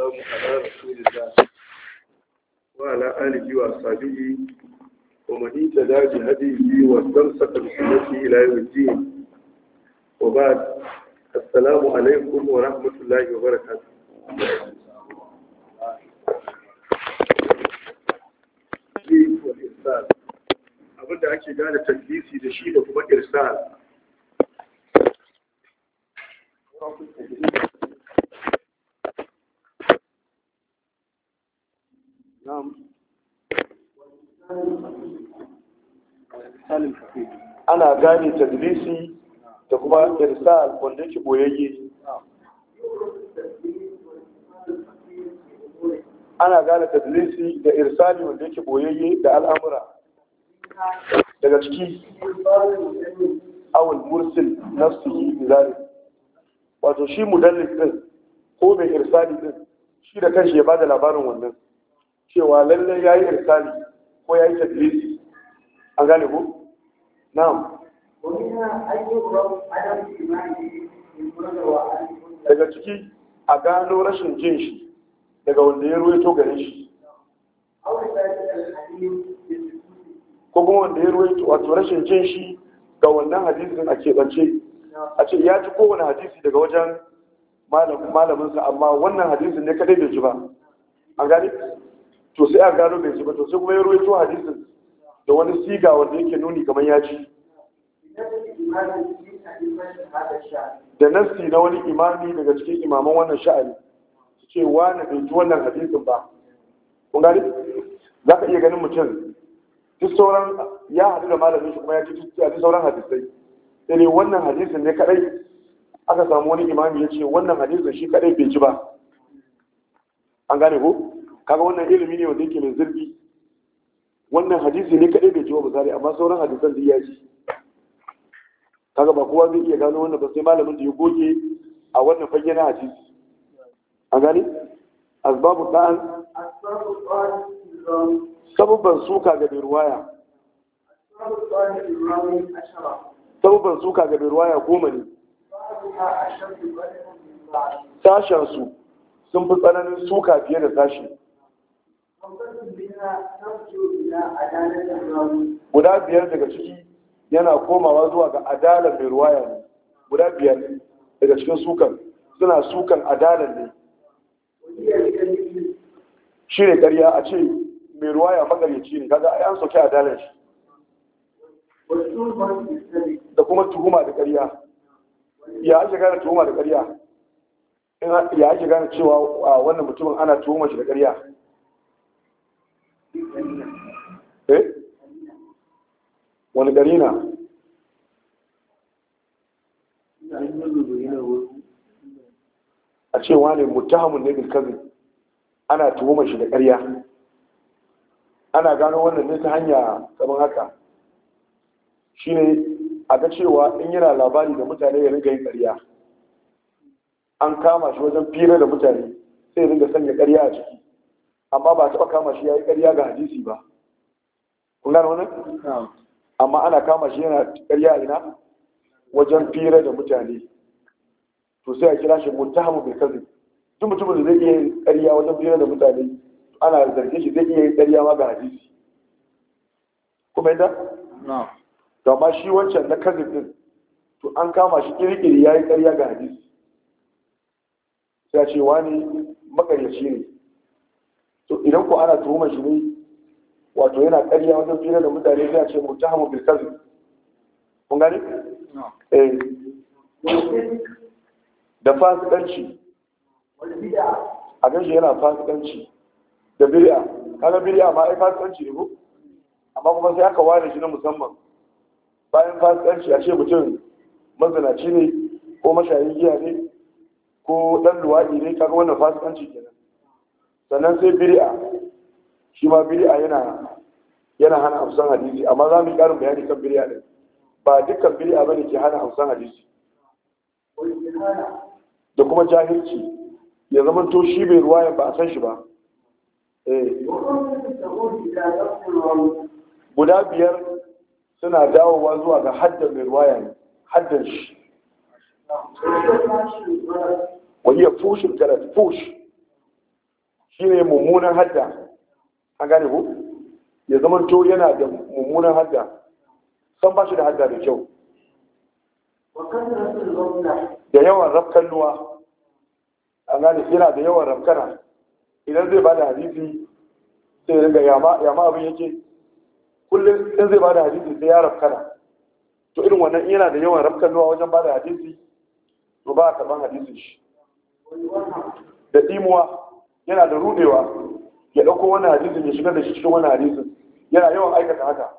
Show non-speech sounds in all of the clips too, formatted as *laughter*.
wasalamu ala rasulillah wa ala alihi wa sahbihi wa man ittaba bi hadihi wa istamsaka bi sunnati ila yawm al-din wa ba'd assalamu alaykum wa rahmatullahi wa barakatuh abinda ake gane tadbisi da shi da kuma irsal ana gane tadlisi da kuma irsal wanda yake boyayye ana gane tadlisi da irsali wanda yake boyayye da al'amura daga ciki awul mursil nafsihi bizalik wato shi mudallis din ko mai irsali din shi da kanshi ya bada labarin wannan cewa lalle yayi irsali ko yayi tadlisi an gane ko na'am daga ciki a gano rashin jin shi daga wanda ya ruwaito gare shi ko kuma wanda ya ruwaito wato rashin jin shi ga wannan hadisin a keɓance a ce ya ci kowane hadisi daga wajen malaminsa amma wannan hadisin ne kadai bai ji ba A gani to sai a gano bai ji ba to sai kuma ya ruwaito hadisin da wani siga wanda yake nuni kamar ya ci da nassi na wani imami daga cikin imaman wannan sha'ani su ce na bai ji wannan hadisin ba kun gani za ka iya ganin mutum duk sauran ya haɗu da malamin shi kuma ya ci duk sauran hadisai sai ne wannan hadisin ne kadai aka samu wani imami ya ce wannan hadisin shi kadai bai ji ba an gane ko kaga wannan ilimi ne wanda yake mai zurfi wannan hadisi ne kaɗai bai jiwa misali amma sauran hadisan da ya ji kaga ba kowa zai iya gano wannan ba sai malamin da ya goge a wannan fage na hadisi a gani asbabu ta'an sabubban suka ga bai ruwaya sabubban suka ga bai ruwaya goma ne sashen su sun fi tsananin suka fiye da sashi guda biyar daga ciki yana komawa zuwa ga adalar mai ruwaya ne guda biyar daga cikin sukan suna sukan adalar ne shi ne ƙarya a ce mai ruwaya magaryaci ne kaga an soke adalar shi da kuma tuhuma da ƙarya ya ake gane tuhuma da ƙarya ya ake gane cewa wannan mutumin ana tuhuma shi da ƙarya eh wani gari na a cewa ne mutahamun ne bilkazin ana tuhumar shi da ƙarya ana gano wannan ne ta hanya kamar haka Shi ne a ga cewa in yana labari da mutane ya ringa yin ƙarya an kama shi wajen fira da mutane sai ringa sanya ƙarya a ciki amma ba taɓa kama shi ya yi ƙarya ga hadisi ba kun gano wannan amma ana kama shi yana ƙarya ina wajen fira da mutane to sai a kira shi mutahamu bil kadhib duk mutumin da zai iya yin ƙarya wajen fira da mutane ana zargin shi zai iya yin ƙarya ma ga hadisi kuma yadda to amma shi wancan na kadhib din to an kama shi kirkiri ya yi ƙarya ga hadisi sai a ce wani makaryaci ne to idan ku ana tuhumar shi ne wato yana ƙarya wajen tsira da mutane zai ce mu tahamu bil kazi kun gani? eh da fasikanci a kan shi yana fasikanci da bid'a kaga bid'a ma ai fasikanci ne ko amma kuma sai aka ware shi na musamman bayan fasikanci a ce mutum mazinaci ne ko mashayin giya ne ko dan luwadi ne kaga wannan fasikanci kenan sannan sai biri'a, shi ma biri'a yana yana hana hamsan hadisi amma za mu yi ƙarin bayani kan biri'a ɗin. ba dukkan bid'a bane ke hana hamsan hadisi da kuma jahilci ya zama to shi bai ruwayan ba a san shi ba eh. guda biyar suna dawowa zuwa ga haddan mai ruwaya ne, haddan shi wani ya fushin karat fushin shi ne mummunan hadda an gane ku ya zama to yana da mummunan hadda san ba shi da hadda da kyau da yawan rafkan luwa an gane yana da yawan rafkana idan zai ba da hadisi sai ya ringa yama abin yake kullum in zai ba da hadisi sai ya rafkana to irin wannan yana da yawan rafkan luwa wajen ba da hadisi to ba a karban hadithi shi da imuwa yana da rudewa ya dauko wani hadisin ya shigar da shi cikin wani hadisin yana yawan aikata haka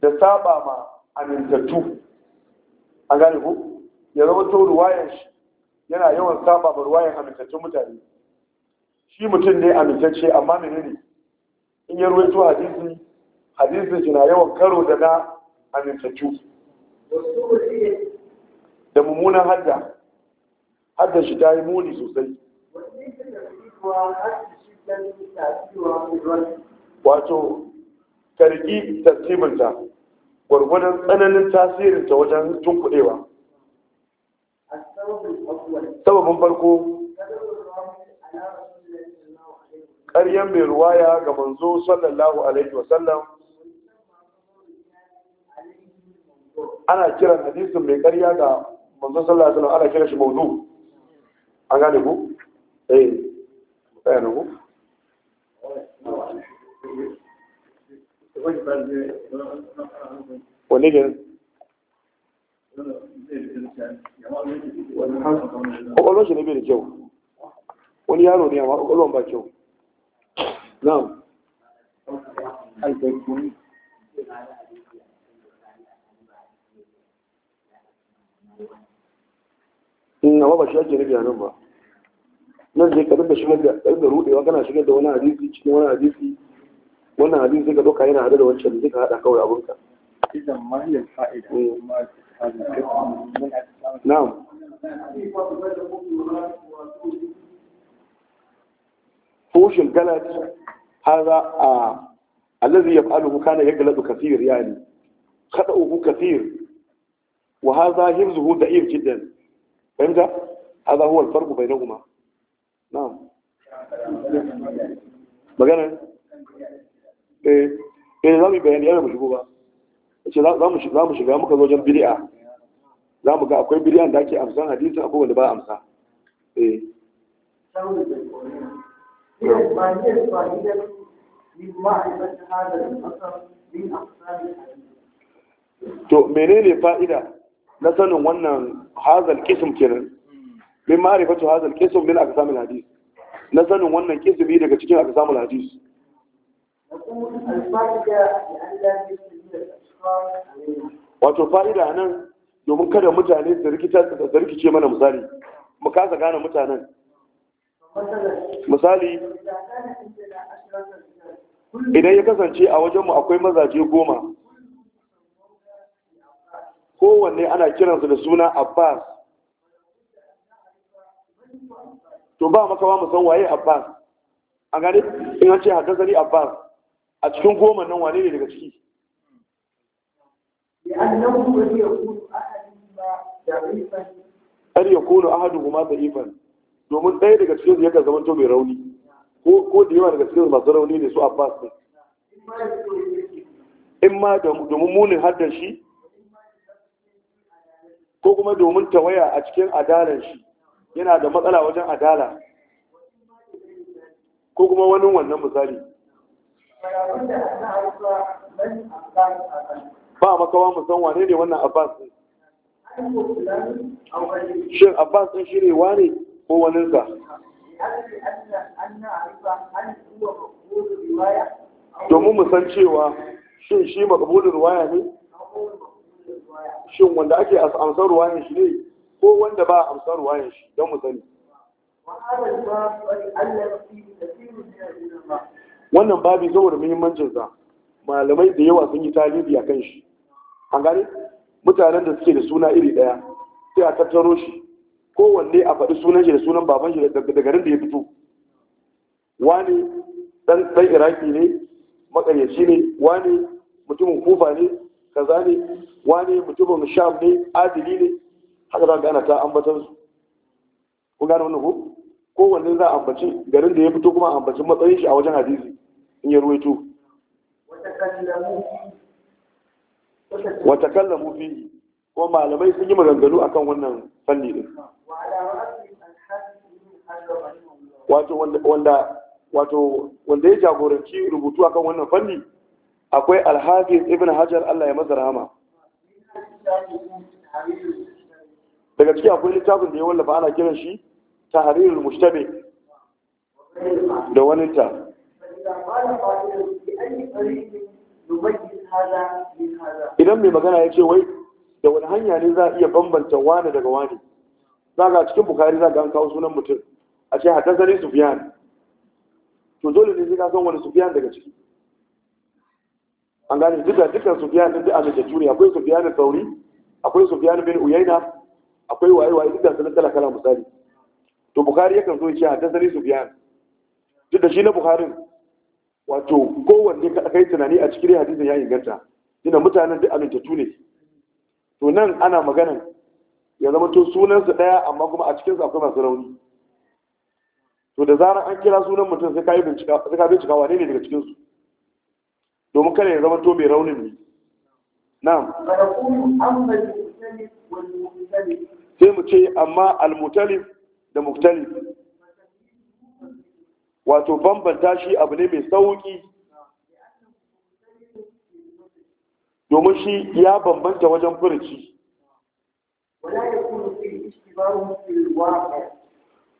da saba ma amintattu a gane ku ya zama to ruwayan shi yana yawan saba ma ruwayan amintattun mutane shi mutum ne amintacce amma menene in ya ruwaito hadisi hadisin shi na yawan karo da na amintattu da mummunan hadda hadda shi ta yi muni sosai wato karki tasirinta gwargwadon tsananin tasirinta wajen tunkuɗewa sababin farko ƙaryen mai ruwaya ga manzo sallallahu alaihi wasallam ana kiran hadisin mai ƙarya ga manzo sallallahu alaihi wasallam ana kiran shi maudu an gane ku eh tsaya na ku wanne ne kwakwalwar shi ne bai da kyau wani yaro ne amma ba kyau na'am Thank you. amma ba shi ake nufi a nan ba nan sai ka dinga shigar da ɗan da rudewa kana shigar da wani hadisi cikin wani hadisi wannan hadisi sai ka ɗauka yana hada da wancan sai ka haɗa kawai abinka. Idan ma yin fa'ida mm. kuma Na'am. فوش الجلد هذا آه الذي يفعله كان kada uku يعني خطأه كثير وهذا همزه ضعيف جدا فهمت هذا هو الفرق بينهما نعم na'am magana ايه eh zamu bayani yana mu ba ce za mu shiga mu shiga muka zo wajen bid'a za mu ga akwai bid'an da ake amsan hadisi akwai wanda ba amsa to menene fa'ida na sanin wannan hazal kisim kenan min ma'rifatu hazal kisim min aqsamil hadis na sanin wannan kisbi daga cikin aqsamul hadis wato fa'ida nan domin kada mutane su rikita su rikice mana misali mu kasa gane mutanen misali idan ya kasance a wajenmu akwai mazaje goma kowanne ana kiransu da suna abbas to ba makawa mu san waye abbas an gane in an ce haddasani abbas a cikin goma nan wane ne daga ciki kar ya kono ahadu kuma da ifan domin ɗaya daga cikin su yakan zama to mai rauni ko da yawa daga cikin su masu rauni ne su abbas din in ma domin munin haddashi. shi ko kuma domin tawaya a cikin adalar shi yana da matsala wajen adala ko kuma wani wannan misali ba makawa musan wane ne wannan abbas ɗin shin abbas ɗin shi ne wane ko waninsa domin musan cewa shin shi makabudin ruwaya ne shin wanda ake amsar ruwayan shi ne ko wanda ba a amsar ruwayan shi don mu wannan babi saboda muhimmancinsa. malamai da yawa sun yi tarihi a kan shi an gane mutanen da suke da suna iri daya sai a tattaro shi kowanne a faɗi sunan shi da sunan baban shi da garin da ya fito wani dan iraki ne makayyaci ne wani mutumin kufa ne kaza ne wane mutumin sham ne adili ne haka za gana ta ambatar su ku gane wani ko kowanne za a ambaci garin da ya fito kuma ambacin matsayin shi a wajen hadisi in ya ruwaito wata kalla fi ko malamai sun yi maganganu akan wannan fanni din wato wanda wato wanda ya jagoranci rubutu akan wannan fanni akwai alhafiz ibn hajar Allah ya maza rahama daga ciki akwai littafin da ya wallafa ana kiran shi tahrirul mushtabe da wani ta idan mai magana ya ce wai da wani hanya ne za a iya bambanta wani daga wani za ga cikin bukari za ga an kawo sunan mutum a ce haddasa ne sufiyan to dole ne zai kasan san wani sufiyan daga ciki an gane duka dukkan Sufyan din da da juriya akwai Sufyan bin tauri akwai Sufyan bin uyaina akwai waye waye duka sun kala kala misali to Bukhari yakan zo ya ce su Sufyan duk da shi na Bukhari wato kowanne ka kai tunani a cikin hadisin ya inganta ina mutanen duk amintattu tune. to nan ana magana ya zama to su ɗaya amma kuma a cikinsu akwai masu rauni to da zarar an kira sunan mutum sai ka bincika wane ne daga cikinsu domin kada ya zama to mai raunin ne na'am sai mu ce amma al-mutalif da muktalif wato bambanta shi abu ne mai sauƙi. domin shi ya bambanta wajen furici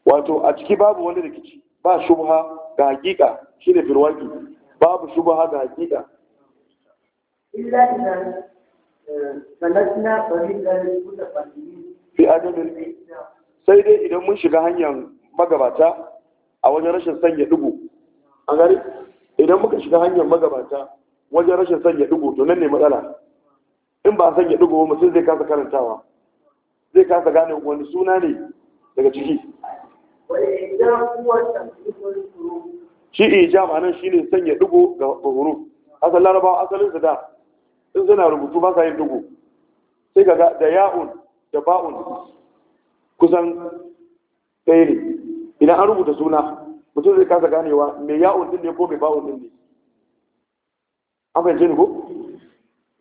wato a ciki babu wani rikici ba shubha ga hakika shi ne firwaki babu shubha ga hakika illa idan eh, balagna tariqal mutafaddimin fi adadul sai dai idan mun shiga hanyar magabata a wajen rashin sanya dugu an gari idan muka shiga hanyar magabata wajen rashin sanya dugu to nan ne matsala in ba sanya dugu ba mutum zai kasa karantawa zai kasa gane wani suna ne daga ciki wani idan kuwa tafi shi ijab anan shine sanya dugo ga buhuru asal laraba asalin su da in suna rubutu ba sa yin dugo sai ga da ya'un da ba'un kusan ɗaya Ina idan an rubuta suna mutum zai kasa ganewa mai ya'un din ne ko mai ba'un din ne an fahimce ni ko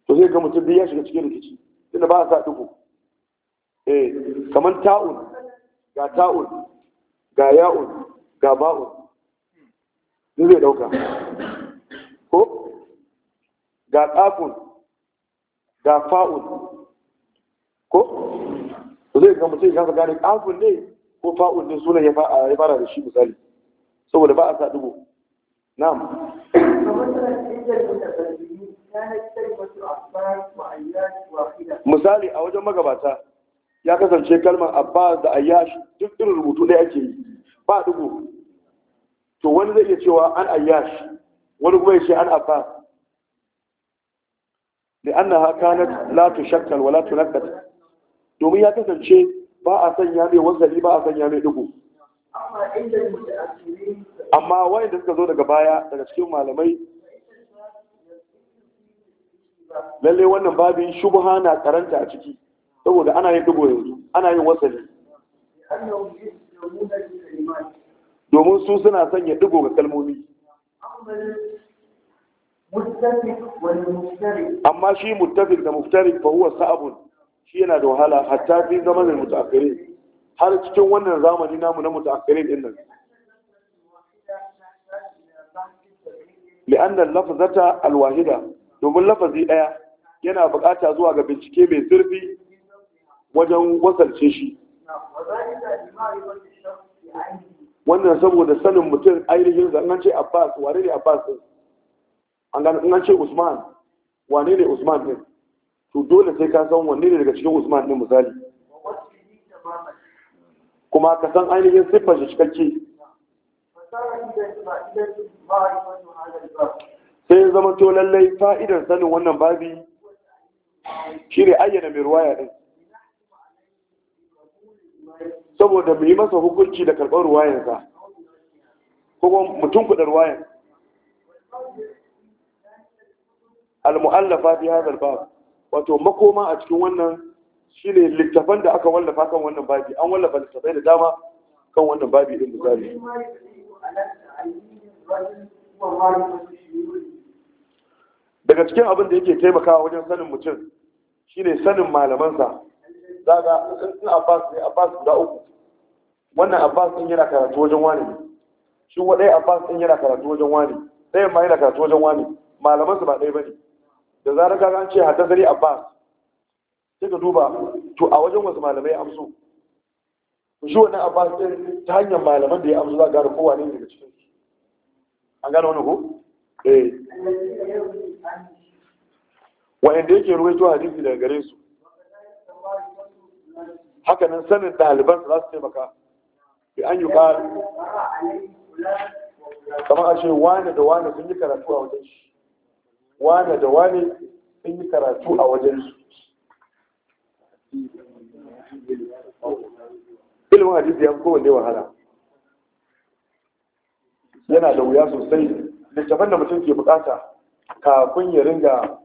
to sai ga mutum biya ya shiga cikin rikici tunda ba a sa dugo eh kamar ta'un ga ta'un ga ya'un ga ba'un zai ɗauka ko ga ƙafun ga fa'un ko zai ga mutum ya gane ƙafun ne ko fa'un ne sunan ya fara da shi misali saboda ba a sa dubu na'am misali a wajen magabata ya kasance kalmar Abba da ayyashi duk irin rubutu ɗaya ake yi ba dubu to wani zai iya cewa an ayyash wani kuma ya ce an abbas لأنها كانت لا تشكل ولا تنكت domin ya kasance ba a sanya mai wanzali ba a sanya mai dugu amma da suka zo daga baya daga cikin malamai lalle wannan babin shubha na karanta a ciki saboda ana yin dugu yanzu ana yin wasali domin su suna sanya digo ga kalmomi amma shi muttafiq da muftarik fa huwa sa'abun shi yana da wahala hatta fi da mutaakhirin har cikin wannan zamani namu na mutaakhirin din nan li'anna lafzata alwahida domin lafazi daya yana bukata zuwa ga bincike mai zurfi wajen wasalce shi wannan saboda sanin mutum ainihin zan ce abbas wane ne abbas din an ce usman wane ne usman din to dole sai ka san wanne ne daga cikin usman din misali kuma ka san ainihin siffar shi cikakke sai zama to lallai fa'idar sanin wannan babi shi ne ayyana mai ruwaya din saboda mu yi masa hukunci da karɓar ruwayansa kuma mutum kuɗa ruwayan al-mu'allafa fi hadha al-bab wato makoma a cikin wannan shine littafan da aka wallafa kan wannan babi an wallafa littafai da dama kan wannan babi din misali daga cikin abin da yake taimakawa wajen sanin mutum shine sanin malamansa zaga in abbas ne abbas guda uku wannan abbas din yana karatu wajen wani ne shi wa ɗaya abbas din yana karatu wajen wani sai ma yana karatu wajen wani su ba ɗaya ba ne da zarar ka an ce haddasari abbas sai ka duba to a wajen wasu malamai amso shi wannan abbas din ta hanyar malaman da ya amso za a gane kowa ne daga cikin su an gane wani ko eh wa'anda yake ruwaito hadisi daga gare su hakanan sanin ɗaliban za su taimaka bi an yi ƙari kamar a ce wane da wane sun yi karatu a wajen shi wane da wane sun yi karatu a wajen su ilimin hadisi ya fi kowanne wahala yana da wuya sosai littafin da mutum ke bukata kafin ya ringa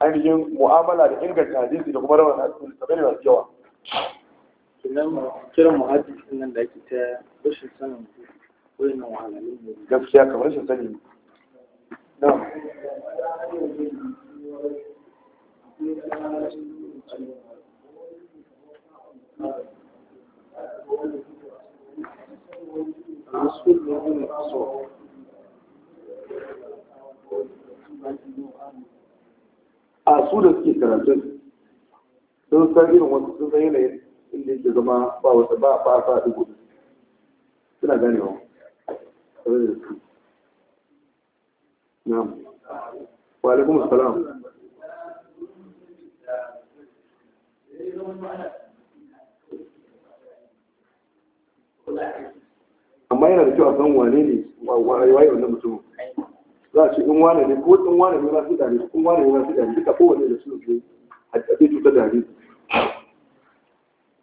ainihin mu'amala da inganta hadisi da kuma rawan hadisi littafai da masu yawa sannan kiran muhaddis din nan da ake ta rashin sanin wurin nan wahalalun ne gaskiya kamar rashin sani na الرسول يقول الصوت a su da suke karatun sun san irin wasu sun san yanayin inda yake zama ba wata ba ba sa dubu suna ganewa tare da su na'am wa alaikum amma yana da kyau a san wane ne waye wannan mutum za a ce in wane ne ko in wane ne ba su dare in wane ne ba su dare duka kowane da su ne a cutar da hannu.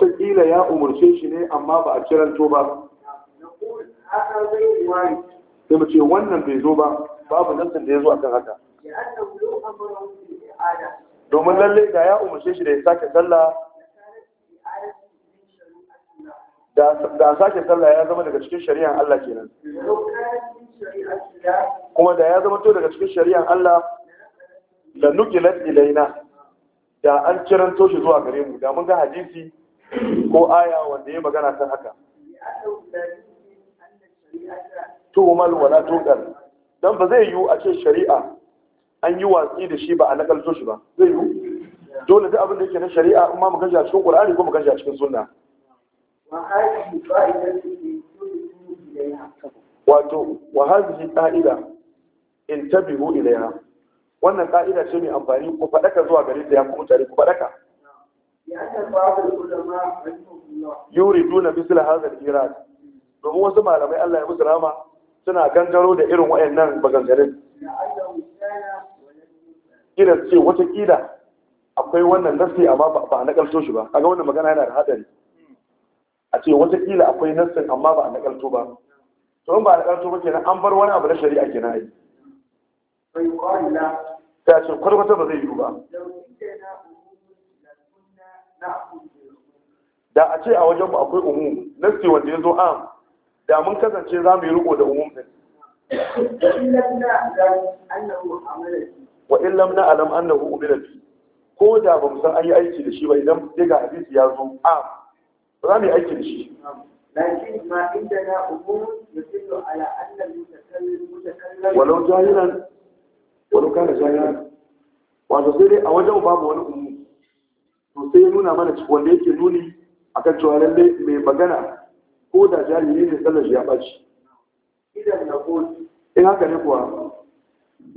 watakila ya umarce shi ne amma ba a kiranto ba sai mace wannan bai zo ba babu nassin da ya zo akan haka domin lalle ga ya umarce shi da ya sake sallah da sake sallah ya zama daga cikin shari'an Allah kenan kuma da ya zama to daga cikin shari'an Allah da nukilat ilaina da an kiranto shi zuwa gare mu da mun ga hadisi ko aya wanda ya magana kan haka tuhumal wala tuqal dan ba zai yiwu a ce shari'a an yi watsi da shi ba a nakalto shi ba zai yiwu dole duk abin da yake na shari'a in ma mu gaji a cikin ƙur'ani ko mu gaji a cikin sunna wato wa hadhihi qa'ida intabihu ilayha wannan qa'ida ce mai amfani ku fadaka zuwa gare ta ya ku mutare ku fadaka yuriduna misla hadha al-irad domin wasu malamai Allah ya musu rahama suna gangaro da irin wayannan bagangarin irin ce wata kida akwai wannan nasi amma ba na kalto shi ba kaga wannan magana yana da hadari a ce wata kila akwai nassin amma ba na kalto ba to in ba na kalto ba kenan an bar wani abu na shari'a kenan ai sai ta ce kwata ba zai yiwu ba da a ce a wajen mu akwai umum nasi wanda ya zo am da mun kasance za mu yi riko da umum din wa in lam na'lam annahu umira bi ko da ba mu san an yi aiki da shi ba idan daga hadisi ya zo am ba za mu yi aiki da shi lakin ma inda na umum walau walau kana sai dai a wajen babu wani umum to sai ya nuna mana wanda yake nuni a kan cewa lalle mai magana ko da jahili ne sallar shi ya ɓaci idan na koli in eh, haka ne kuwa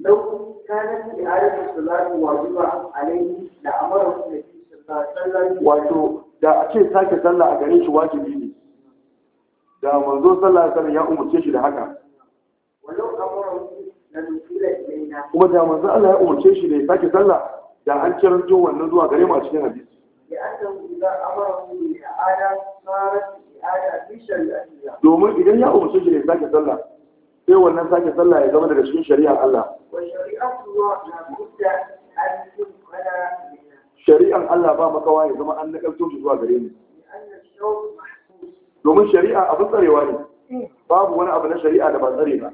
lau kanan ki arifin salatu wajiba laifi da amara kuma wato da a ce sake sallah a gare shi wajibi ne da manzo sallah sallah ya umarce shi da haka kuma da manzo Allah ya umarce shi da ya sake sallah da an kiranto wannan zuwa gare mu a cikin hadisi domin idan ya umarci shi ne sake sallah sai wannan sake sallah ya zama daga cikin shari'ar Allah shari'ar Allah ba makawa ya zama an ƙarfi shi zuwa gare ni domin shari'a abin tsarewa ne babu wani abu na shari'a da ba tsare ba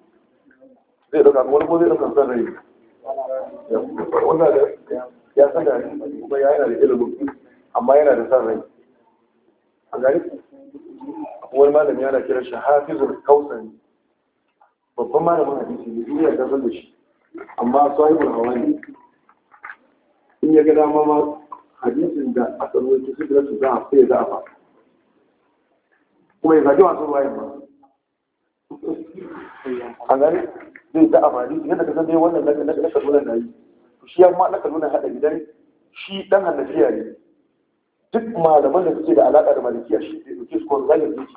zai ɗauka wani ko zai ɗauka san rai wannan da ya san da kuma ya yana da ilimin amma yana da san rai a gari wani malami yana kira shi hafizul kausani babban malamin hadisi ne duniya ta san da shi amma sahibul ne? in ya ga dama ma hadisin da aka rawaito su da su za a fiye za a ba kuma ya zagi wasu ruwayan ba a gari zai da amfani yadda da san dai wannan na kaduna na yi shi ya ma na kaduna haɗa gidan shi dan hannafiya ne duk malaman da suke da alaƙa da malikiya shi da suke su kwan zagin zuci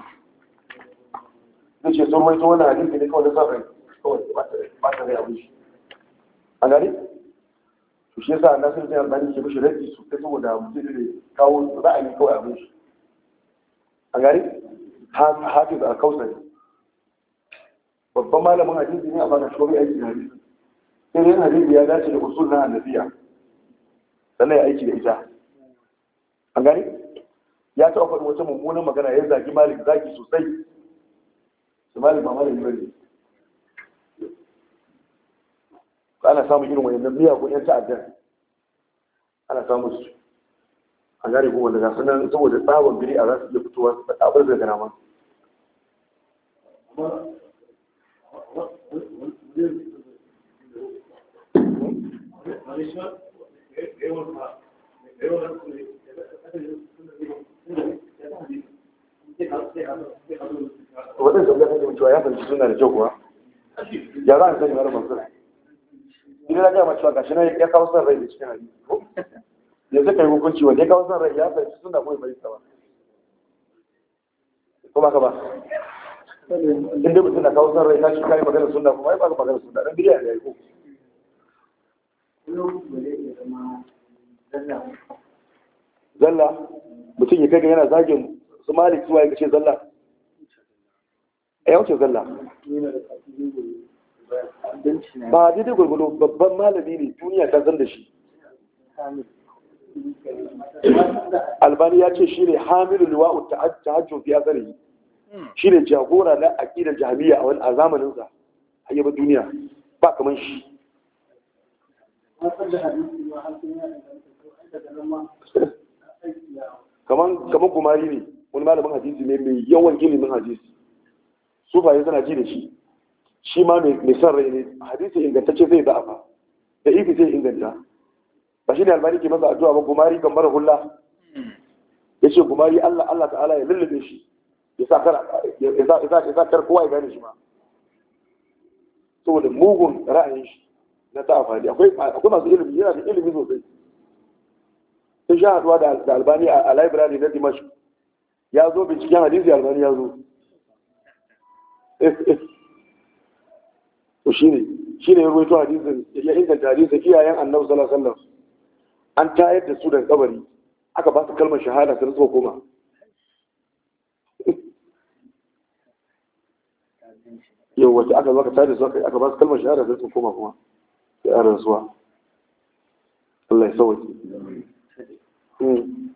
zai ce sun waito wani hadisi ne kawai na san rai kawai ba ta rai abin shi a gani, to shi yasa na sun jihar bani ke mishi rabi su ta saboda mutum da kawo ra'ayi kawai a shi a gari hafiz a kausari babban malamin hadisi ne a bana shi aiki da hadisi sai dai hadisi ya dace da usul na annabiya sannan ya aiki da ita an gani ya taɓa faɗin wata mummunan magana ya zagi malik zagi sosai su malik ba malik bane ana samun irin wani nan miyagun yan ta'addar ana samun su a gari kuma daga sunan saboda tsawon biri a za su iya fitowa su faɗa abin da gana ma cewa ya fahimci suna da ya za a sani mara cewa gashi na ya kawo son rai da cikin kai hukunci wanda ya kawo son rai ya fahimci suna kuma ba kuma ka ba inda mutum na kawo son rai ta shi kare maganar suna kuma ya baka magana suna ɗan bidiya da ya ko zalla mutum ya kai ga yana zagin su malik suwa ya ce zalla eh, ya wuce zalla ba daidai gwargwado babban malami ne duniya ta zan da shi albani ya ce shi ne hamilu liwa'u ta hajjo fi azarihi Hmm. shi ne jagora na aƙidar jami'a a zamanin sa a yaba duniya ba kamar shi *laughs* kamar kumari ne wani malamin hadisi ne mai yawan ilimin hadisi su bayan suna ji da shi shi ma mai son rai ne hadisi ingantacce zai za'afa da ifi zai inganta ba shi ne albari ke masa addu'a ba kumari kan mara hula hmm. ya ce kumari allah allah ta'ala ya lullube shi ya sa kar kowa ya gane shi ma saboda mugun ra'ayin shi na ta amfani akwai masu ilimi yana da ilimi sosai sun sha haduwa da albani a library na dimash ya zo binciken hadisi albani ya zo to shine shine ya rubuto hadisin ya inganta hadisin iyayen annabi sallallahu alaihi an tayar da su daga kabari aka ba su kalmar shahada su suka koma yau wata aka zaka tare su aka ba su kalmar shahara sai sun koma kuma sai a rantsuwa Allah ya sauki hmm.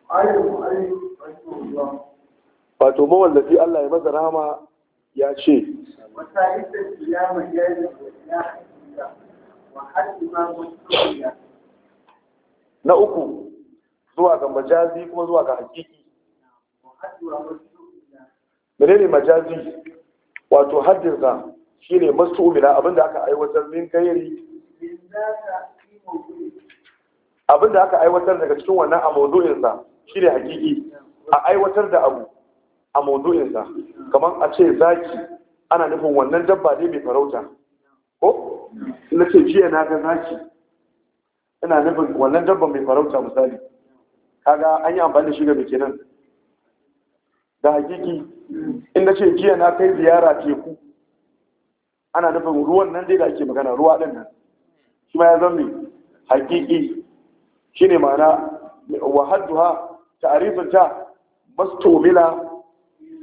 wato mawallafi Allah ya maza rahama ya ce na uku zuwa ga majazi kuma zuwa ga hakiki menene majazi wato haddirsa shi ne masu umila abinda aka aiwatar min kayari abinda aka aiwatar daga cikin wannan a maudu'insa shi ne hakiki a aiwatar da abu a maudu'insa kamar a ce zaki ana nufin wannan dabba ne mai farauta ko na ce jiya na ga zaki ina nufin wannan dabba mai farauta misali kaga an yi amfani da shi ga mai kenan da hakiki in na ce jiya na kai ziyara teku ana nufin ruwan nan dai da ake magana ruwa ɗin nan shi ma ya zama hakiki shi ne ma'ana ha ta ta'arifinta mastomila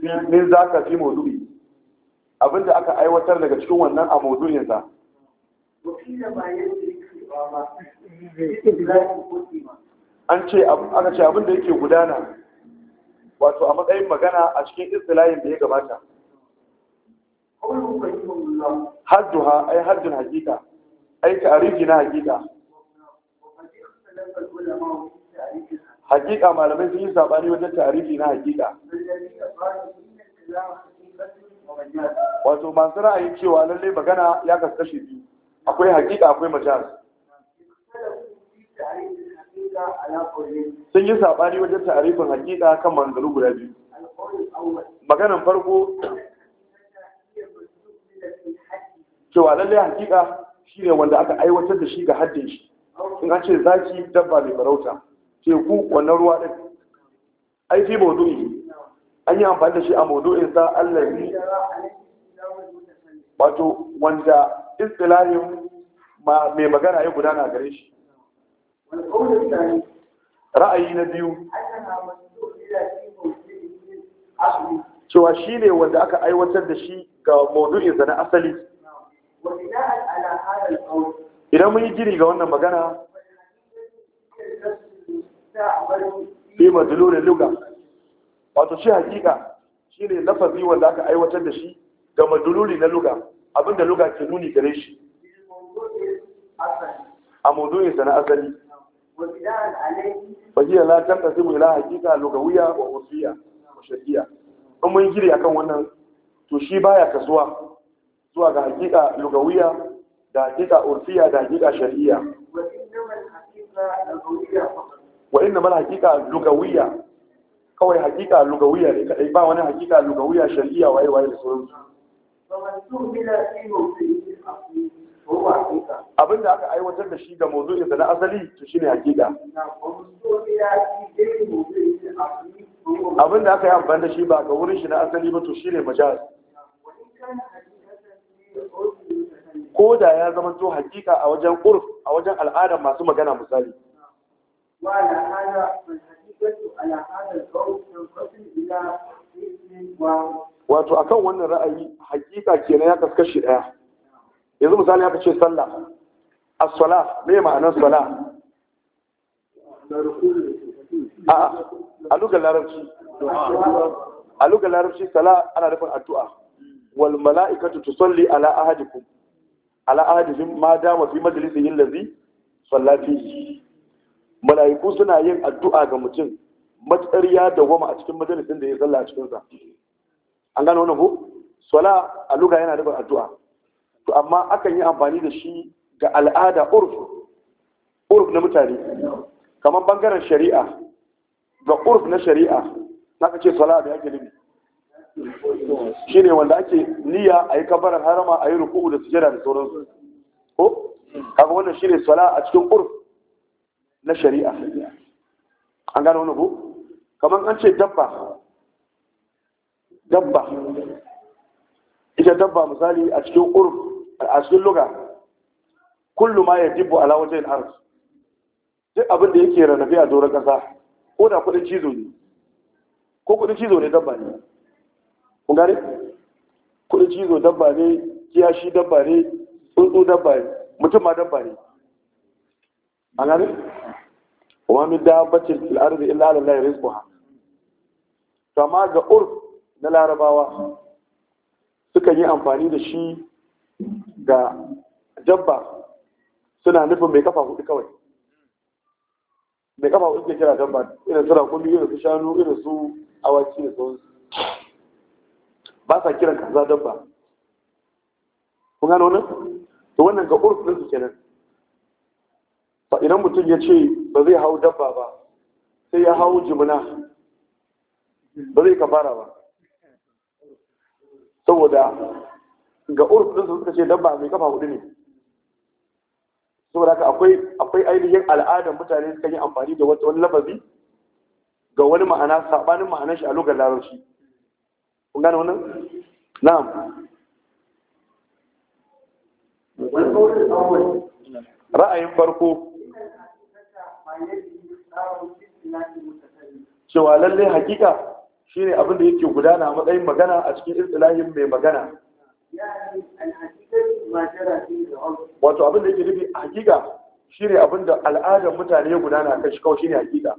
min za ka fi maudu'i abinda aka aiwatar daga cikin wannan a maudu'insa an ce abinda yake gudana wato a matsayin magana a cikin istilahin da ya gabata ha ai haddun hakika ai tarihi na hakika hakika malamai sun yi sabani wajen tarihi na hakika wato masu ra'ayin cewa lallai magana ya kaskashe biyu akwai hakika akwai majaz sun yi saɓani wajen tarifin hakika kan manzaru guda biyu maganan farko cewa lallai hakika shi ne wanda aka aiwatar da shi ga haddin shi in an ce zaki dabba mai farauta teku wannan ruwa ɗin ai fi maudu'i an yi amfani da shi a maudu'in sa allah ne wato wanda istilahin mai magana ya gudana gare shi ra'ayi na biyu cewa shi ne wanda aka aiwatar da shi ga maudu'insa na asali idan mun yi gini ga wannan magana fi majalurin luga wato shi hakika shi ne lafazi wanda aka aiwatar da shi ga majaluri na luga abinda luga ke nuni gare shi a maudu'insa na asali fajiyar la can kasi mu ila hakika lugawiya wa usiya wa shari'a in mun giri akan wannan to shi baya kasuwa zuwa ga hakika lugawiya da hakika urfiya da hakika shari'a wa inna mal hakika lugawiya kawai hakika lugawiya ne kadai ba wani hakika lugawiya shari'a waye waye da sauransu abin da aka aiwatar da shi ga da na asali to shi ne hakika abin da aka yi amfani da shi ba ga wurin shi na asali ba to shi ne majal ko da ya zama to hakika a wajen urf a wajen al'adar masu magana misali wato akan wannan ra'ayi hakika kenan ya kaskashi daya yanzu misali aka ce sallah as-sala me ma'anar sala a'a a lugar larabci a lugar larabci sala ana nufin addu'a wal mala'ikatu tusalli ala ahadikum ala ahadihim ma dama fi majlisihi allazi salla fihi mala'iku suna yin addu'a ga mutum matsar ya dawama a cikin majalisin da ya salla a cikinsa. an gano wannan ko sala a lugar yana nufin addu'a to amma akan yi amfani da shi ga al'ada urf urf na mutane kamar bangaren shari'a ga urf na shari'a na ka ce sala da yake nufi shi ne wanda ake niyya a yi kabarar harama a yi ruku'u da sujada da su. ko kaga wannan shi ne sala a cikin urf na shari'a an gano wani ko kamar an ce dabba dabba ita dabba misali a cikin urf a cikin luga kullu ma ya jibbo ala wajen duk abin da yake ranabi a doron ƙasa ko da kudin cizo ne ko kudin cizo ne dabba ne kun gane Kudin cizo dabba ne kiyashi dabba ne tsuntsu dabba ne mutum ma dabba ne an gane wa min dabbatin fil ardi illa ala allahi rizquha kama ga urf na larabawa suka yi amfani da shi ga dabba suna nufin mai kafa hudu kawai mai kafa hudu ke kira dabba irin su rakumi irin su shanu irin su awaki da sauransu ba sa kiran kaza dabba kun gano nan to wannan ga urfin su kenan fa idan mutum ya ce ba zai hau dabba ba sai ya hau jimina ba zai kafara ba saboda ga urf suka ce dabba mai kafa hudu ne saboda haka akwai akwai ainihin al'adar mutane suka yi amfani da wata wani lafazi ga wani ma'ana sabanin ma'anar shi a lokacin larabci kun gane wannan na'am ra'ayin farko cewa lallai hakika shine abin da yake gudana a matsayin magana a cikin istilahin mai magana wato abin da yake nufi a hakika shine abin da al'adar mutane ya gudana kan shi kawai shine hakika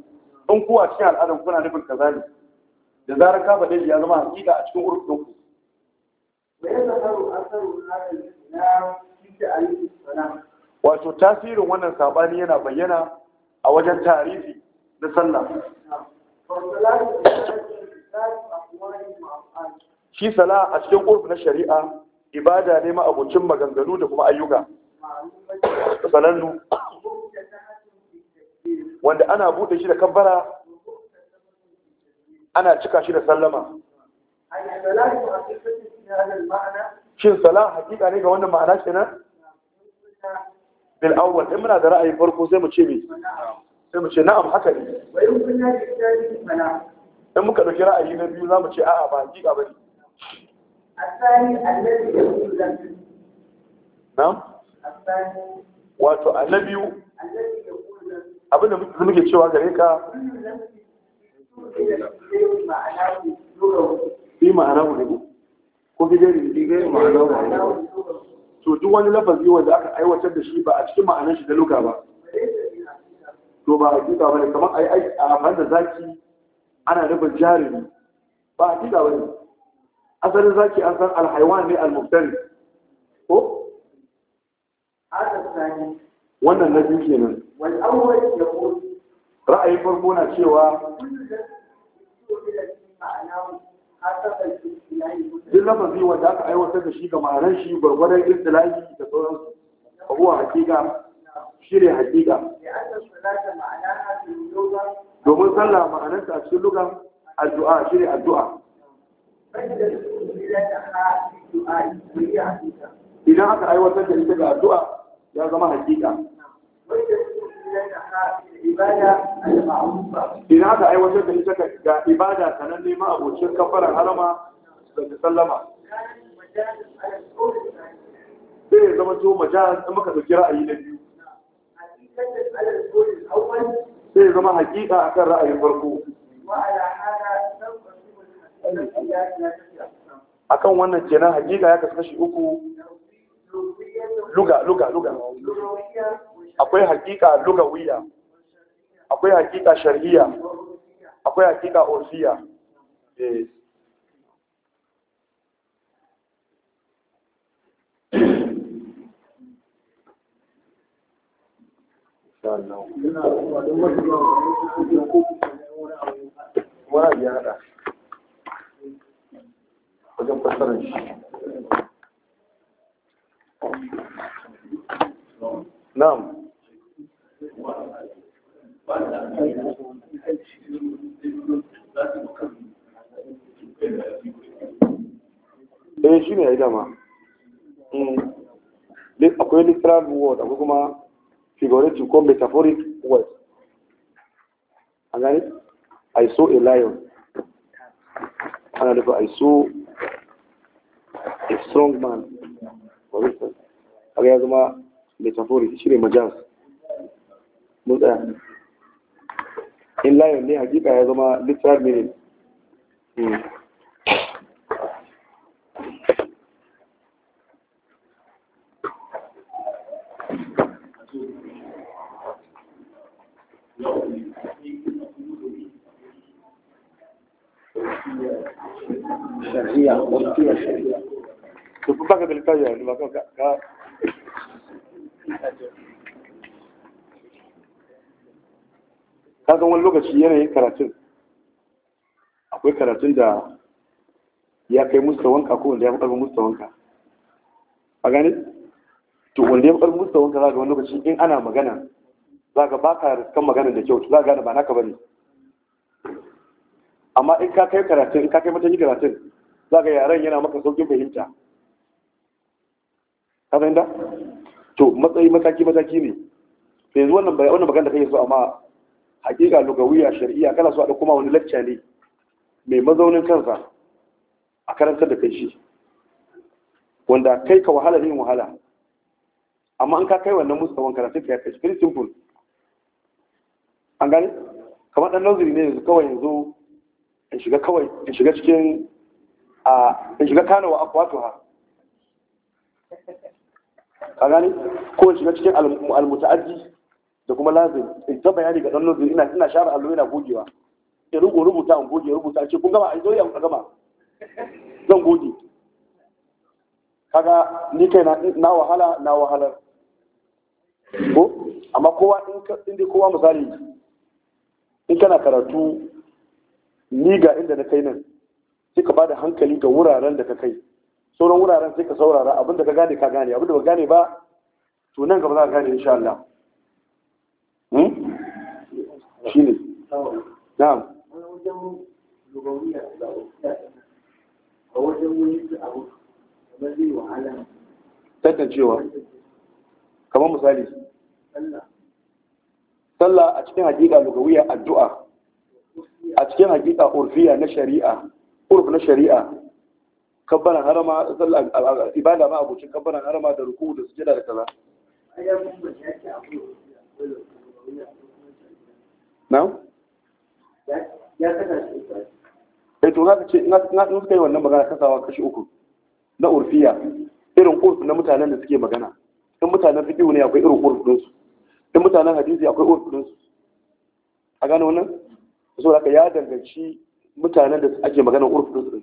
in kuwa cikin al'adar kuna nufin kaza ne da zarar ka faɗe ya zama hakika a cikin urfin ku wato tasirin wannan sabani yana bayyana a wajen tarihi na sallah shi sala a cikin urfi na shari'a ibada ne ma'abucin maganganu da kuma ayyuka sanannu wanda ana buɗe shi da kabbara ana cika shi da sallama shin salah hakika ne ga wannan ma'ana kenan bil awwal in muna da ra'ayi farko sai mu ce me sai mu ce na'am haka ne in muka dauki ra'ayi na biyu za mu ce a'a ba hakika bane wato annabi abinda muke cewa gare ka bi ma'ana ne ko bi gari bi gari ne to duk wani lafazi wanda aka aiwatar da shi ba a cikin ma'anar shi da luka ba to ba a kika ne kamar a ai a amfani da zaki ana nufin jarumi ba a kika ne. asalin zaki an san alhaiwan ne almuftari ko wannan na biyu kenan ra'ayin farko na cewa duk lafazi wanda aka aiwatar da shi ga ma'anar shi gwargwaron istilahi da sauransu abuwa hakika shirya hakika domin sallah ma'anarsa a cikin lugan addu'a shirya addu'a idan aka aiwatar da ita ga addu'a ya zama hakika idan aka aiwatar da ita ga ibada sanan nema abocin kafarar harama da ta sallama sai ya zama to majalis da muka dauki ra'ayi na biyu sai ya zama hakika akan ra'ayin farko akan wannan kenan hakika ya kasance uku luga luga luga akwai hakika lugawiya akwai hakika shar'iyya akwai hakika urfiya eh ya haɗa. wajen fassarar shi na'am eh shi ne ya yi dama hmm. akwai literal word akwai kuma figurative ko metaphoric word a gani i saw a lion ana dafa i saw a strong man kaga ya zama metaphoric shi ne majaz mun tsaya in layon ne hakika ya zama literal meaning شرعية وقتية شرعية to baka ba ka ka kasan wani lokaci yanayin karatun akwai karatun da ya kai musta wanka ko wanda ya fi karfin musta wanka a gani to wanda ya fi karfin musta wanka za ga wani lokaci in ana magana za ga ba ka riskan maganar da kyau za ga gane ba naka ba ne amma in ka kai karatun in ka kai matakin karatun za ga yaren yana maka saukin fahimta ka da? to matsayi mataki mataki ne to yanzu wannan bai wannan magana da kake so amma hakika lugawiya shari'a kana so a dauko ma wani lecture ne mai mazaunin kansa a karantar da kai shi wanda kai ka wahala ne wahala amma an ka kai wannan mustawan karatun ka ya kai simple an gani kamar dan nazari ne yanzu kawai yanzu in shiga kawai in shiga cikin a in shiga kana wa akwatuha ka gani ko shiga cikin almuta'addi da kuma lazim in ta bayani ga dan ina ina share allo ina gogewa in rubu rubuta in goge rubuta ce kun gama a zo yau ka gama zan goge kaga ni kai na wahala na wahalar ko amma kowa in ka inda kowa misali in kana karatu ni ga inda na kai nan sai ka bada hankali ga wuraren da ka kai sauran wuraren sai ka saurara abinda ka gane ka gane abinda ba gane ba to nan gaba za ka gane insha Allah hmm? shi ne na'am tantancewa kamar misali sallah a cikin hakika lugawiya addu'a a cikin hakika urfiya na shari'a urf na shari'a kabbaran harama ibada ma abocin kabbaran harama da ruku da sujada da kaza na'am ya kasa shi eh to zaka ce na na suka yi wannan magana kasawa kashi uku na urfiya irin urf na mutanen da suke magana in mutanen fiqh ne akwai irin urf din su in mutanen hadisi akwai urf din su a gano wannan so ka ya danganci mutanen da ake magana urf din su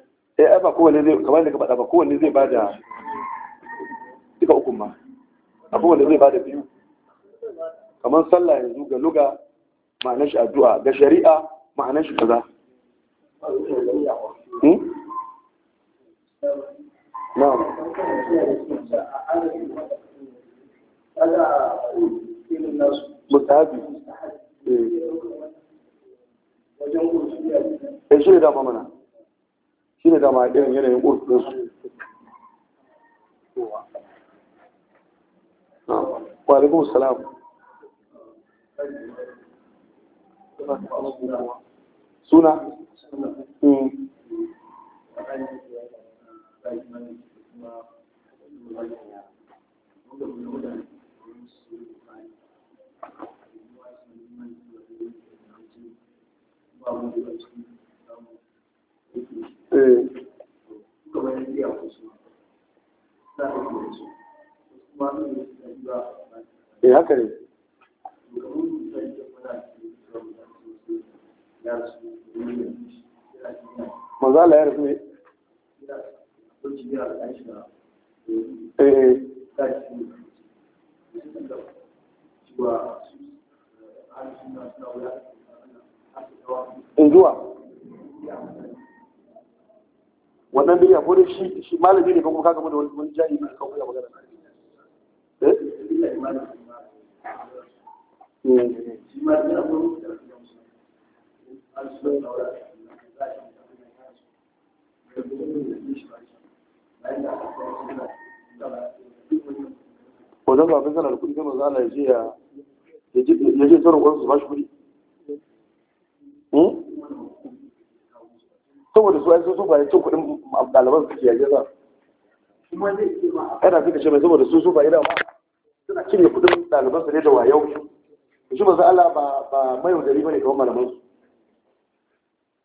eh ba kowane zai kamar da ka faɗa ba kowane zai bada duka ukun ma a kowane zai ba da biyu kamar sallah yanzu ga luga ma'anar shi addu'a ga shari'a ma'anar shi kaza hmm? na'am mustahabi eh, eh shi da mana shi ne dama irin yanayin ƙoƙinsu walaikun salam suna Thank hmm. you. eh haka ne manzala ya rasu ne eh in zuwa wannan bidiya ko dai shi shi malami ne ko kuma kaga da wani jahi ne ko kuma magana eh ko da ba kana sanar kudi kuma zala a je ya ya je tsoron wasu ba shi kuɗi saboda su ai su bayan cin kuɗin ɗaliban suke yaje za kana suka ce mai saboda su su ba idan ma suna cinye kuɗin ɗaliban su ne da wayau shi ba za Allah ba ba mai yaudari bane kawai malaman su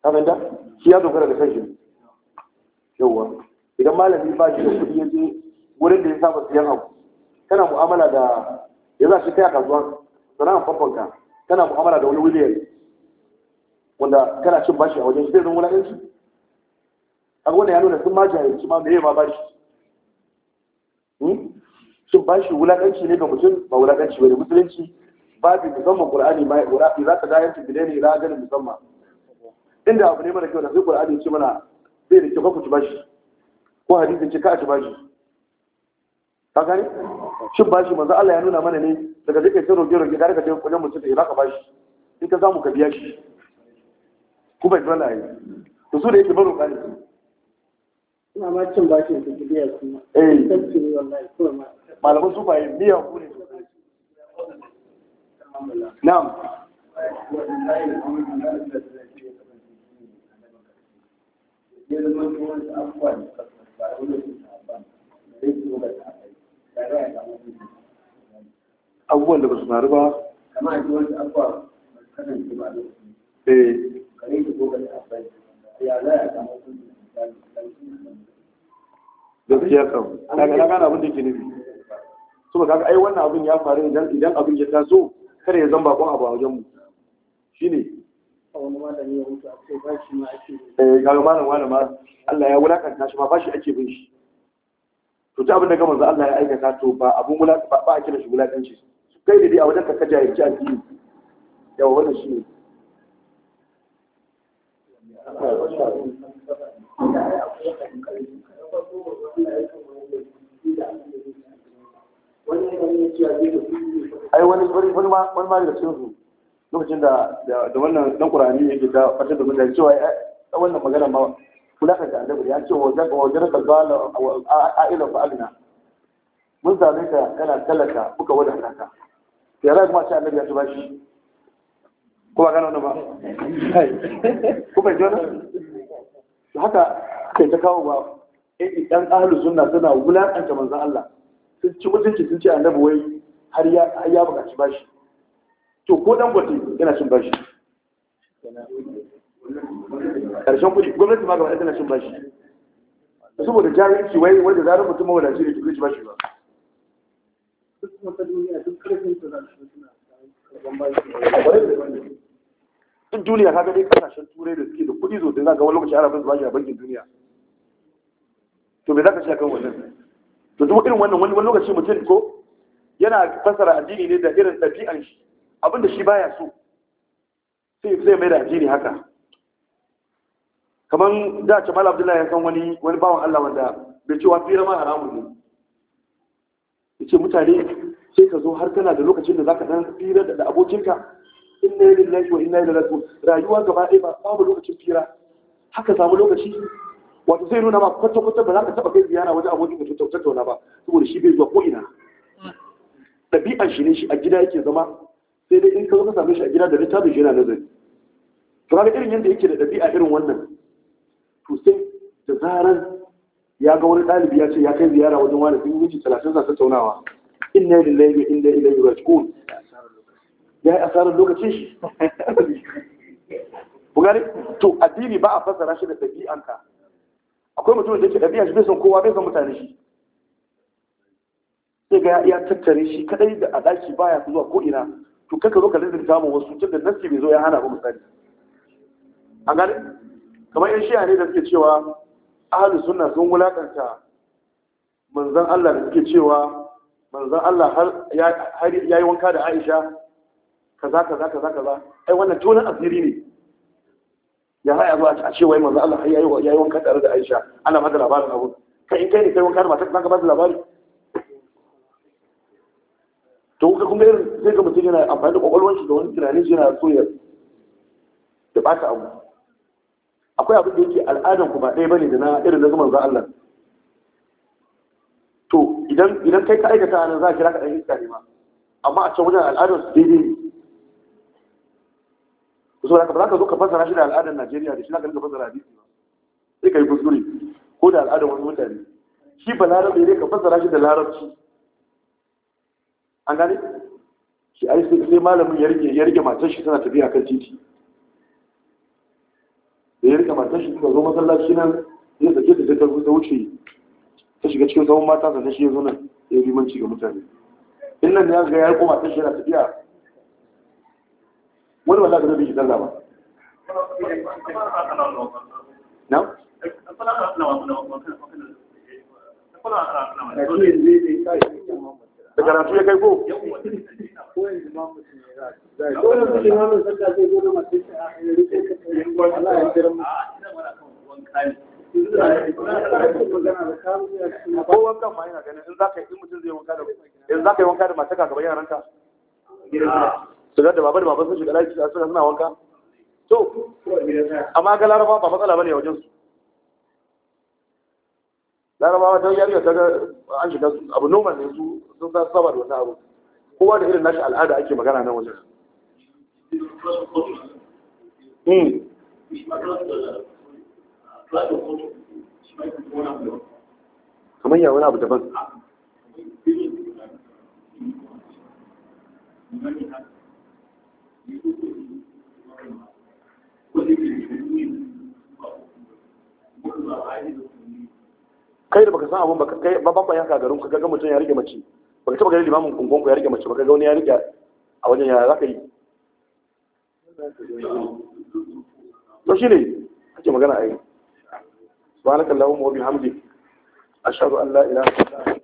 ka fahimta shi ya dogara da kanshi yawwa idan malami ba shi da kuɗi ya je wurin da ya saba siyan abu kana mu'amala da ya za shi kai a kasuwa sana'ar fanfanka kana mu'amala da wani wuliyar wanda kana cin bashi a wajen shi zai zama wulaƙanci a wannan ya nuna sun ma jahilci ma meye ma bashi hmm? shin bashi wulaƙanci ne ga mutum ba wulaƙanci ba ne musulunci babu musamman qur'ani ma ya za ka dayar su bidai ne za gani musamman inda abu ne mara kyau da sai qur'ani ce mana zai da kyau ku ci bashi ko hadisin ce ka ci bashi ka gane shin bashi manzo Allah ya nuna mana ne daga zai kai sai roge roge ka je wajen mutum da ka bashi in ka samu ka biya shi ku bai dole ai to su da yake baro kani Ina ma cin bashin da biya kuma. Eh. abubuwan da ba su faru ba eh. kama eh. a gaskiya kan daga na gane abin da ke nufi so kaga ai wannan abin ya faru idan idan abin ya taso kada ya zamba kon abu a wajen mu shine wani malami ya mutu a ce ba shi ma ake eh kaga malam wani Allah ya wulakanta shi ma ba shi ake bin shi to ta abin da gama Allah ya aikata to ba abun wulakanta ba a kira shi wulakanci kai da dai a wajen ka kaja ya ci a addini yawa wannan shi ne. ai wani wani ma wani ma da cikin lokacin da da wannan dan qur'ani yake da fata da mutane cewa wannan magana ma kula ka da annabi ya ce wa zaka wa jaraka zala a'ila fa alina mun same ka kana talaka muka wadata ka ya rai kuma ce annabi ya ci bashi kuma ba kana wannan ba ko bai jona haka kai ta kawo ba eh ɗan ahlus suna suna wulaƙanta manzan Allah sun ci mutunci sun ce annabi wai har ya har ya buƙaci bashi to ko dan gwate yana cin bashi karshen kuɗi gwamnati ma gaba tana cin bashi saboda jahilci wai wanda zarar mutum mawadaci ne to zai bashi ba duk wata in duniya ka gani kasashen turai da suke da kuɗi zo da za ga wani lokaci arabin zuwa bashi a bankin duniya to me za ka ce kan wannan to duk irin wannan wani lokaci mutum ko yana fassara addini ne da irin ɗabi'an shi abinda shi baya so sai sai mai da addini haka kamar da ce mala abdullahi ya san wani wani bawan Allah wanda bai ce wa fira ma haramun ne ce mutane sai ka zo har kana da lokacin da zaka dan fira da abokinka inna lillahi wa inna ilaihi raji'un rayuwa gaba ɗaya ba samu lokacin fira haka samu lokaci wato sai nuna ma kwata kwata ba za ka taba kai ziyara wajen abokin mutum tattauna ba saboda shi bai zuwa ko ina ɗabi'ar shi ne shi a gida yake zama sai dai in ka zo ka same shi a gida da littafin shi yana nazari to kaga irin yadda yake da ɗabi'a irin wannan to sai da zaran ya ga wani ɗalibi ya ce ya kai ziyara wajen wani sun yi minti talatin za tattaunawa inna lillahi wa inna ilaihi raji'un ya yi asarar lokacin shi bugari to addini ba a fassara shi da ɗabi'anka akwai mutum da ke ɗabi'a shi bai son kowa bai son mutane shi sai ga ya tattare shi kadai da a ɗaki ya zuwa ko ina to kaka zo ka lalata samun wasu tun da nasi bai zo ya hana ba misali a gani kamar yan shiya ne da suke cewa ahalus sunna sun wulakanta manzon Allah da suke cewa manzon Allah har ya yi wanka da Aisha kaza kaza kaza kaza ai wannan tonan asiri ne ya haya zuwa a ce wai manzo Allah ya yi wanka tare da Aisha ana maka labarin abu kai in kai ne kai wanka da matar zaka ba da labari to kuka kuma irin sai ga mutum yana amfani da kwakwalwar shi da wani tunanin shi yana so ya ya bata abu akwai abin da yake al'adan ku ba ɗaya bane da na irin na zaman za Allah to idan idan kai ka aikata nan za ka kira ka ɗan iska ne ma amma a can wajen al'adar su daidai ne so haka ba za ka zo ka fasara shi da al'adar Najeriya da shi za ka fasara fassara hadisi ba sai ka yi kuskure ko da al'adar wani mutane shi ba larabe ne ka fasara shi da larabci an gane shi ai sai malamin ya rike ya rike matar shi tana tafiya kan titi da ya rike matar shi suka zo masallaci nan ya sake ta ta wuce ta shiga cikin tsawon mata sannan shi ya zo nan ya yi rimanci ga mutane in nan ya ga ya riko matar shi yana tafiya wani wanda ba zai bi sallah ba da karatu ya kai ko ma yana ganin in za ka yi mutum zai wanka da wanka da mace ka shigar da baba da baba sun shiga daki suka suna wanka to amma ga laraba ba matsala ba ne wajen su laraba ta yari ta ga an shiga su? abu noman ne su sun sa saba da wannan abu kowa da irin nashi al'ada ake magana nan wajen hmm. kamar yawon abu daban kai da baka san abun baka kai ba ban yanka garin ka ga mutum ya rike mace baka taba garin limamin kungon ku ya rike mace baka ga wani ya rike a wajen yara zaka yi to shine kake magana ai subhanakallahumma wa bihamdik ashhadu an la ilaha illa anta